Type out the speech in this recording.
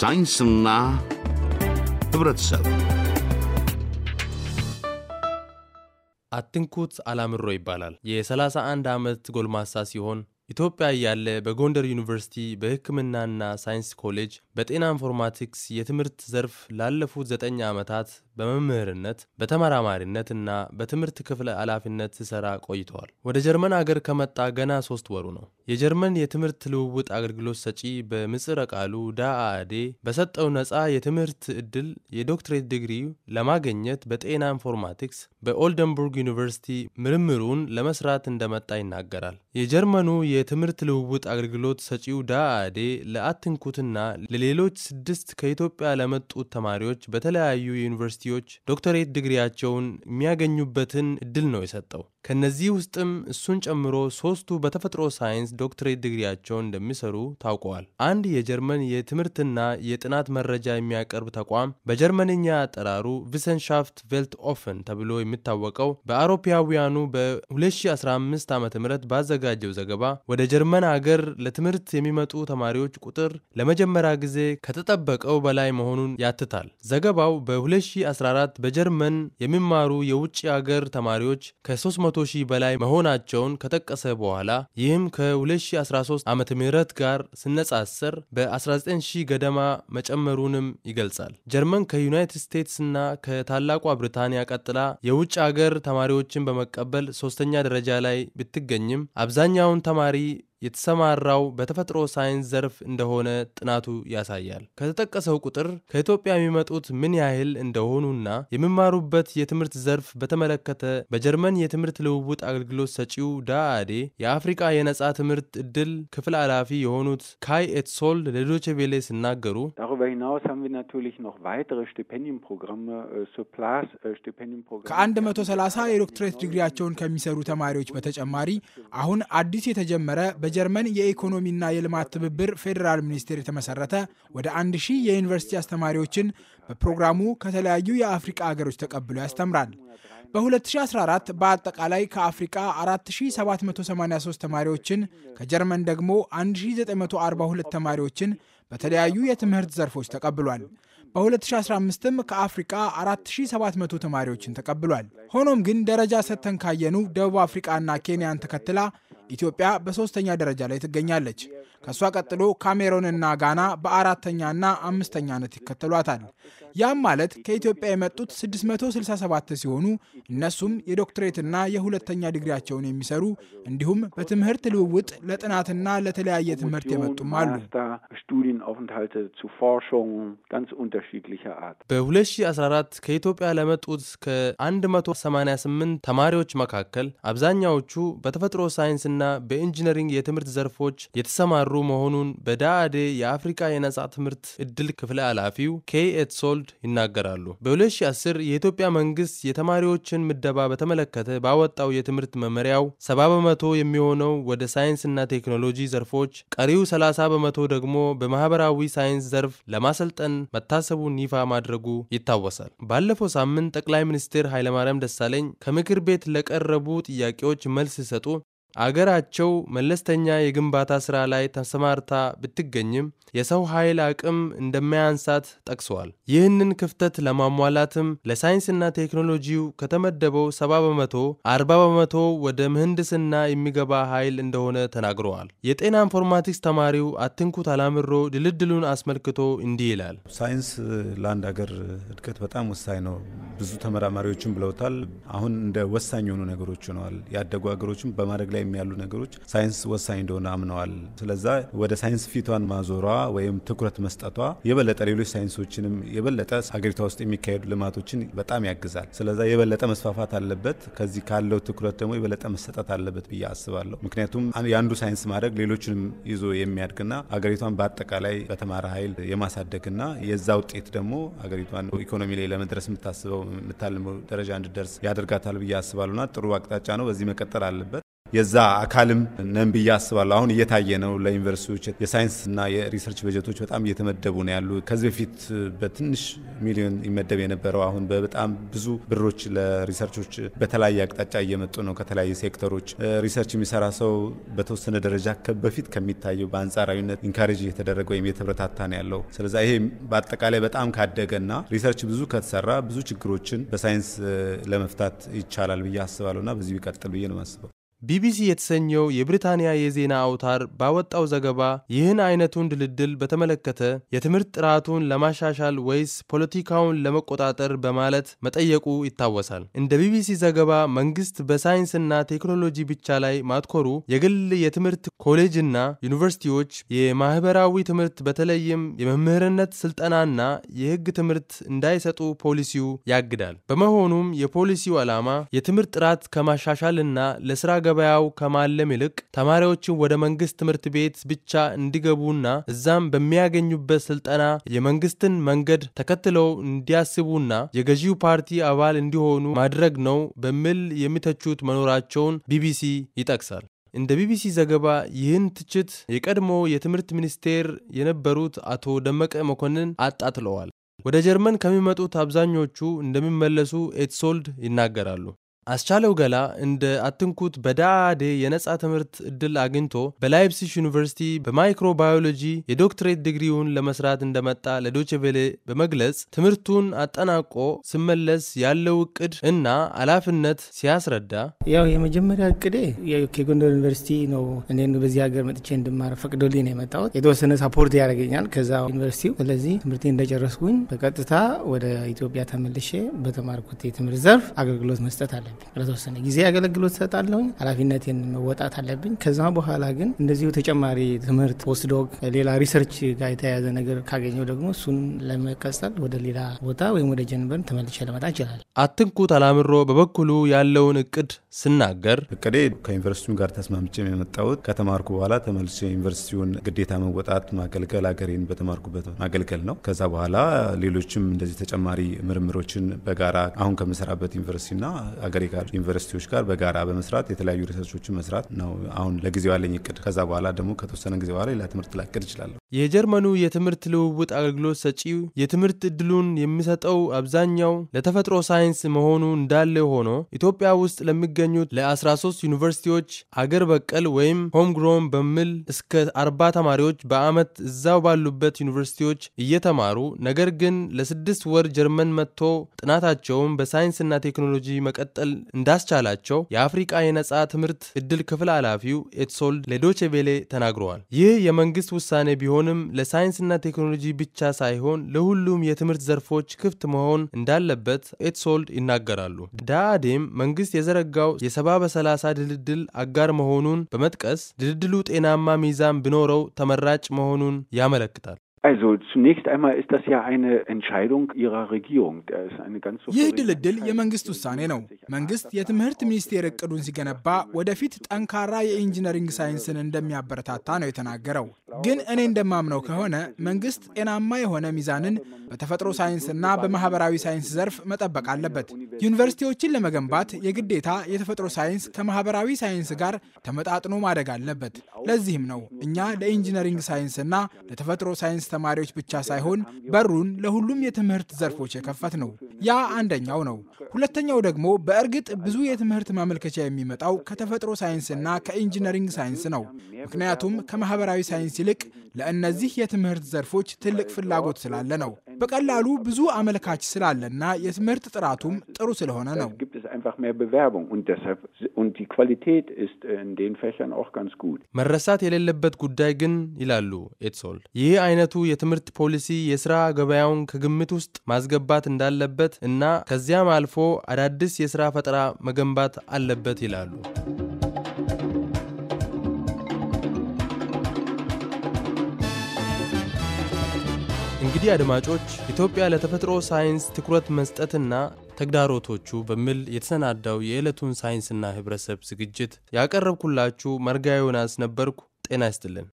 ሳይንስና ህብረተሰብ አትንኩት አላምሮ ይባላል። የ31 ዓመት ጎልማሳ ሲሆን ኢትዮጵያ እያለ በጎንደር ዩኒቨርሲቲ በሕክምናና ሳይንስ ኮሌጅ በጤና ኢንፎርማቲክስ የትምህርት ዘርፍ ላለፉት ዘጠኝ ዓመታት በመምህርነት በተመራማሪነት እና በትምህርት ክፍለ ኃላፊነት ሲሰራ ቆይተዋል። ወደ ጀርመን አገር ከመጣ ገና ሶስት ወሩ ነው። የጀርመን የትምህርት ልውውጥ አገልግሎት ሰጪ በምጽረ ቃሉ ዳአአዴ በሰጠው ነፃ የትምህርት ዕድል የዶክትሬት ዲግሪ ለማግኘት በጤና ኢንፎርማቲክስ በኦልደንቡርግ ዩኒቨርሲቲ ምርምሩን ለመስራት እንደመጣ ይናገራል። የጀርመኑ የትምህርት ልውውጥ አገልግሎት ሰጪው ዳአዴ ለአትንኩትና ለሌሎች ስድስት ከኢትዮጵያ ለመጡት ተማሪዎች በተለያዩ የዩኒቨርሲቲ ዩኒቨርሲቲዎች ዶክተሬት ድግሪያቸውን የሚያገኙበትን እድል ነው የሰጠው። ከነዚህ ውስጥም እሱን ጨምሮ ሶስቱ በተፈጥሮ ሳይንስ ዶክተሬት ድግሪያቸውን እንደሚሰሩ ታውቀዋል። አንድ የጀርመን የትምህርትና የጥናት መረጃ የሚያቀርብ ተቋም በጀርመንኛ አጠራሩ ቪሰንሻፍት ቬልት ኦፈን ተብሎ የሚታወቀው በአውሮፓውያኑ በ2015 ዓ ም ባዘጋጀው ዘገባ ወደ ጀርመን አገር ለትምህርት የሚመጡ ተማሪዎች ቁጥር ለመጀመሪያ ጊዜ ከተጠበቀው በላይ መሆኑን ያትታል። ዘገባው በ2015 2014 በጀርመን የሚማሩ የውጭ አገር ተማሪዎች ከ300 ሺህ በላይ መሆናቸውን ከጠቀሰ በኋላ ይህም ከ2013 ዓመተ ምህረት ጋር ሲነጻጸር በ19 ሺህ ገደማ መጨመሩንም ይገልጻል። ጀርመን ከዩናይትድ ስቴትስና ከታላቋ ብሪታንያ ቀጥላ የውጭ አገር ተማሪዎችን በመቀበል ሶስተኛ ደረጃ ላይ ብትገኝም አብዛኛውን ተማሪ የተሰማራው በተፈጥሮ ሳይንስ ዘርፍ እንደሆነ ጥናቱ ያሳያል። ከተጠቀሰው ቁጥር ከኢትዮጵያ የሚመጡት ምን ያህል እንደሆኑና የሚማሩበት የትምህርት ዘርፍ በተመለከተ በጀርመን የትምህርት ልውውጥ አገልግሎት ሰጪው ዳአዴ የአፍሪቃ የነጻ ትምህርት እድል ክፍል ኃላፊ የሆኑት ካይ ኤትሶል ለዶቼ ቬሌ ሲናገሩ äh, äh, መቶ ሰላሳ የዶክትሬት ዲግሪያቸውን ከሚሰሩ ተማሪዎች በተጨማሪ አሁን አዲስ የተጀመረ በጀርመን የኢኮኖሚና የልማት ትብብር ፌዴራል ሚኒስቴር የተመሰረተ ወደ አንድ ሺህ የዩኒቨርሲቲ አስተማሪዎችን በፕሮግራሙ ከተለያዩ የአፍሪቃ አገሮች ተቀብሎ ያስተምራል። በ2014 በአጠቃላይ ከአፍሪቃ 4783 ተማሪዎችን ከጀርመን ደግሞ 1942 ተማሪዎችን በተለያዩ የትምህርት ዘርፎች ተቀብሏል። በ2015ም ከአፍሪቃ 4700 ተማሪዎችን ተቀብሏል። ሆኖም ግን ደረጃ ሰጥተን ካየኑ ደቡብ አፍሪቃና ኬንያን ተከትላ ኢትዮጵያ በሶስተኛ ደረጃ ላይ ትገኛለች። ከእሷ ቀጥሎ ካሜሮንና ጋና በአራተኛና አምስተኛነት ይከተሏታል። ያም ማለት ከኢትዮጵያ የመጡት 667 ሲሆኑ እነሱም የዶክትሬትና የሁለተኛ ዲግሪያቸውን የሚሰሩ እንዲሁም በትምህርት ልውውጥ ለጥናትና ለተለያየ ትምህርት የመጡም አሉ። በ2014 ከኢትዮጵያ ለመጡት ከ188 ተማሪዎች መካከል አብዛኛዎቹ በተፈጥሮ ሳይንስና በጤናና በኢንጂነሪንግ የትምህርት ዘርፎች የተሰማሩ መሆኑን በዳአዴ የአፍሪካ የነጻ ትምህርት እድል ክፍለ ኃላፊው ኬይ ኤትሶልድ ይናገራሉ። በ2010 የኢትዮጵያ መንግስት የተማሪዎችን ምደባ በተመለከተ ባወጣው የትምህርት መመሪያው 70 በመቶ የሚሆነው ወደ ሳይንስና ቴክኖሎጂ ዘርፎች፣ ቀሪው 30 በመቶ ደግሞ በማህበራዊ ሳይንስ ዘርፍ ለማሰልጠን መታሰቡን ይፋ ማድረጉ ይታወሳል። ባለፈው ሳምንት ጠቅላይ ሚኒስትር ኃይለማርያም ደሳለኝ ከምክር ቤት ለቀረቡ ጥያቄዎች መልስ ሲሰጡ አገራቸው መለስተኛ የግንባታ ሥራ ላይ ተሰማርታ ብትገኝም የሰው ኃይል አቅም እንደማያንሳት ጠቅሰዋል። ይህንን ክፍተት ለማሟላትም ለሳይንስና ቴክኖሎጂው ከተመደበው 70 በመቶ 40 በመቶ ወደ ምህንድስና የሚገባ ኃይል እንደሆነ ተናግረዋል። የጤና ኢንፎርማቲክስ ተማሪው አትንኩት አላምሮ ድልድሉን አስመልክቶ እንዲህ ይላል። ሳይንስ ለአንድ ሀገር እድገት በጣም ወሳኝ ነው። ብዙ ተመራማሪዎችም ብለውታል። አሁን እንደ ወሳኝ የሆኑ ነገሮች ሆነዋል። ያደጉ ሀገሮችም በማድረግ ላይ ላይም ያሉ ነገሮች ሳይንስ ወሳኝ እንደሆነ አምነዋል። ስለዛ ወደ ሳይንስ ፊቷን ማዞሯ ወይም ትኩረት መስጠቷ የበለጠ ሌሎች ሳይንሶችንም የበለጠ ሀገሪቷ ውስጥ የሚካሄዱ ልማቶችን በጣም ያግዛል። ስለዛ የበለጠ መስፋፋት አለበት። ከዚህ ካለው ትኩረት ደግሞ የበለጠ መሰጠት አለበት ብዬ አስባለሁ። ምክንያቱም የአንዱ ሳይንስ ማድረግ ሌሎችንም ይዞ የሚያድግና ሀገሪቷን በአጠቃላይ በተማረ ኃይል የማሳደግና የዛ ውጤት ደግሞ ሀገሪቷን ኢኮኖሚ ላይ ለመድረስ የምታስበው የምታልመው ደረጃ እንድደርስ ያደርጋታል ብዬ አስባለሁና ጥሩ አቅጣጫ ነው። በዚህ መቀጠል አለበት። የዛ አካልም ነን ብዬ አስባለሁ። አሁን እየታየ ነው። ለዩኒቨርሲቲዎች የሳይንስና የሪሰርች በጀቶች በጣም እየተመደቡ ነው ያሉ። ከዚህ በፊት በትንሽ ሚሊዮን ይመደብ የነበረው አሁን በጣም ብዙ ብሮች ለሪሰርቾች በተለያየ አቅጣጫ እየመጡ ነው። ከተለያየ ሴክተሮች ሪሰርች የሚሰራ ሰው በተወሰነ ደረጃ በፊት ከሚታየው በአንጻራዊነት ኢንካሬጅ እየተደረገ ወይም የተበረታታ ነው ያለው። ስለዚ ይሄ በአጠቃላይ በጣም ካደገና ሪሰርች ብዙ ከተሰራ ብዙ ችግሮችን በሳይንስ ለመፍታት ይቻላል ብዬ አስባለሁና በዚህ ቢቀጥል ብዬ ነው ማስበው። ቢቢሲ የተሰኘው የብሪታንያ የዜና አውታር ባወጣው ዘገባ ይህን አይነቱን ድልድል በተመለከተ የትምህርት ጥራቱን ለማሻሻል ወይስ ፖለቲካውን ለመቆጣጠር በማለት መጠየቁ ይታወሳል። እንደ ቢቢሲ ዘገባ መንግስት በሳይንስና ቴክኖሎጂ ብቻ ላይ ማትኮሩ የግል የትምህርት ኮሌጅና ዩኒቨርሲቲዎች የማህበራዊ ትምህርት በተለይም የመምህርነት ስልጠናና የህግ ትምህርት እንዳይሰጡ ፖሊሲው ያግዳል። በመሆኑም የፖሊሲው ዓላማ የትምህርት ጥራት ከማሻሻልና ለስራ ገበያው ከማለም ይልቅ ተማሪዎችን ወደ መንግስት ትምህርት ቤት ብቻ እንዲገቡና እዛም በሚያገኙበት ስልጠና የመንግስትን መንገድ ተከትለው እንዲያስቡና የገዢው ፓርቲ አባል እንዲሆኑ ማድረግ ነው በሚል የሚተቹት መኖራቸውን ቢቢሲ ይጠቅሳል። እንደ ቢቢሲ ዘገባ ይህን ትችት የቀድሞ የትምህርት ሚኒስቴር የነበሩት አቶ ደመቀ መኮንን አጣጥለዋል። ወደ ጀርመን ከሚመጡት አብዛኞቹ እንደሚመለሱ ኤትሶልድ ይናገራሉ። አስቻለው ገላ እንደ አትንኩት በዳዴ የነፃ ትምህርት እድል አግኝቶ በላይፕሲሽ ዩኒቨርሲቲ በማይክሮባዮሎጂ የዶክትሬት ዲግሪውን ለመስራት እንደመጣ ለዶችቬሌ በመግለጽ ትምህርቱን አጠናቆ ስመለስ ያለው እቅድ እና ኃላፊነት ሲያስረዳ፣ ያው የመጀመሪያ እቅዴ ከጎንደር ዩኒቨርሲቲ ነው። እኔ በዚህ ሀገር መጥቼ እንድማር ፈቅዶልኝ ነው የመጣሁት። የተወሰነ ሳፖርት ያደርገኛል ከዛ ዩኒቨርሲቲው። ስለዚህ ትምህርቴ እንደጨረስኩኝ በቀጥታ ወደ ኢትዮጵያ ተመልሼ በተማርኩት የትምህርት ዘርፍ አገልግሎት መስጠት አለ ለተወሰነ ጊዜ አገልግሎት ሰጣለሁኝ። ኃላፊነቴን መወጣት አለብኝ። ከዛ በኋላ ግን እንደዚሁ ተጨማሪ ትምህርት ወስዶ ሌላ ሪሰርች ጋር የተያያዘ ነገር ካገኘው ደግሞ እሱን ለመቀጠል ወደ ሌላ ቦታ ወይም ወደ ጀንበን ተመልሼ ልመጣ ይችላል። አትንኩት አላምሮ በበኩሉ ያለውን እቅድ ስናገር እቅዴ ከዩኒቨርሲቲው ጋር ተስማምቼ የመጣሁት ከተማርኩ በኋላ ተመልሶ የዩኒቨርሲቲውን ግዴታ መወጣት ማገልገል፣ አገሬን በተማርኩበት ማገልገል ነው። ከዛ በኋላ ሌሎችም እንደዚህ ተጨማሪ ምርምሮችን በጋራ አሁን ከምሰራበት ዩኒቨርሲቲና አገሬ ጋር ዩኒቨርሲቲዎች ጋር በጋራ በመስራት የተለያዩ ሪሰርቾችን መስራት ነው አሁን ለጊዜው ያለኝ እቅድ። ከዛ በኋላ ደግሞ ከተወሰነ ጊዜ በኋላ ሌላ ትምህርት ላቅድ እችላለሁ። የጀርመኑ የትምህርት ልውውጥ አገልግሎት ሰጪ የትምህርት እድሉን የሚሰጠው አብዛኛው ለተፈጥሮ ሳይንስ መሆኑ እንዳለ ሆኖ ኢትዮጵያ ውስጥ ለሚገኙት ለ13 ዩኒቨርሲቲዎች አገር በቀል ወይም ሆምግሮን በሚል እስከ 40 ተማሪዎች በአመት እዛው ባሉበት ዩኒቨርሲቲዎች እየተማሩ ነገር ግን ለስድስት ወር ጀርመን መጥቶ ጥናታቸውን በሳይንስና ቴክኖሎጂ መቀጠል እንዳስቻላቸው የአፍሪቃ የነጻ ትምህርት እድል ክፍል ኃላፊው ኤትሶልድ ለዶቼ ተናግረዋል። ይህ የመንግስት ውሳኔ ቢሆን ቢሆንም ለሳይንስና ቴክኖሎጂ ብቻ ሳይሆን ለሁሉም የትምህርት ዘርፎች ክፍት መሆን እንዳለበት ኤትሶልድ ይናገራሉ። ዳአዴም መንግስት የዘረጋው የሰባ በሰላሳ ድልድል አጋር መሆኑን በመጥቀስ ድልድሉ ጤናማ ሚዛን ቢኖረው ተመራጭ መሆኑን ያመለክታል። Also zunächst einmal ist das ja eine Entscheidung Ihrer Regierung. ይህ ድልድል የመንግስት ውሳኔ ነው። መንግስት የትምህርት ሚኒስቴር እቅዱን ሲገነባ ወደፊት ጠንካራ የኢንጂነሪንግ ሳይንስን እንደሚያበረታታ ነው የተናገረው። ግን እኔ እንደማምነው ከሆነ መንግስት ጤናማ የሆነ ሚዛንን በተፈጥሮ ሳይንስና በማህበራዊ ሳይንስ ዘርፍ መጠበቅ አለበት። ዩኒቨርሲቲዎችን ለመገንባት የግዴታ የተፈጥሮ ሳይንስ ከማህበራዊ ሳይንስ ጋር ተመጣጥኖ ማደግ አለበት። ለዚህም ነው እኛ ለኢንጂነሪንግ ሳይንስና ለተፈጥሮ ሳይንስ ተማሪዎች ብቻ ሳይሆን በሩን ለሁሉም የትምህርት ዘርፎች የከፈት ነው። ያ አንደኛው ነው። ሁለተኛው ደግሞ በእርግጥ ብዙ የትምህርት ማመልከቻ የሚመጣው ከተፈጥሮ ሳይንስና ከኢንጂነሪንግ ሳይንስ ነው። ምክንያቱም ከማህበራዊ ሳይንስ ይልቅ ለእነዚህ የትምህርት ዘርፎች ትልቅ ፍላጎት ስላለ ነው። በቀላሉ ብዙ አመልካች ስላለና የትምህርት ጥራቱም ጥሩ ስለሆነ ነው። መረሳት የሌለበት ጉዳይ ግን ይላሉ ኤትሶል፣ ይህ አይነቱ የትምህርት ፖሊሲ የስራ ገበያውን ከግምት ውስጥ ማስገባት እንዳለበት እና ከዚያም አልፎ አዳዲስ የስራ ፈጠራ መገንባት አለበት ይላሉ። እንግዲህ አድማጮች ኢትዮጵያ ለተፈጥሮ ሳይንስ ትኩረት መስጠትና ተግዳሮቶቹ በሚል የተሰናዳው የዕለቱን ሳይንስና ሕብረተሰብ ዝግጅት ያቀረብኩላችሁ መርጋ ዮናስ ነበርኩ። ጤና ይስጥልን።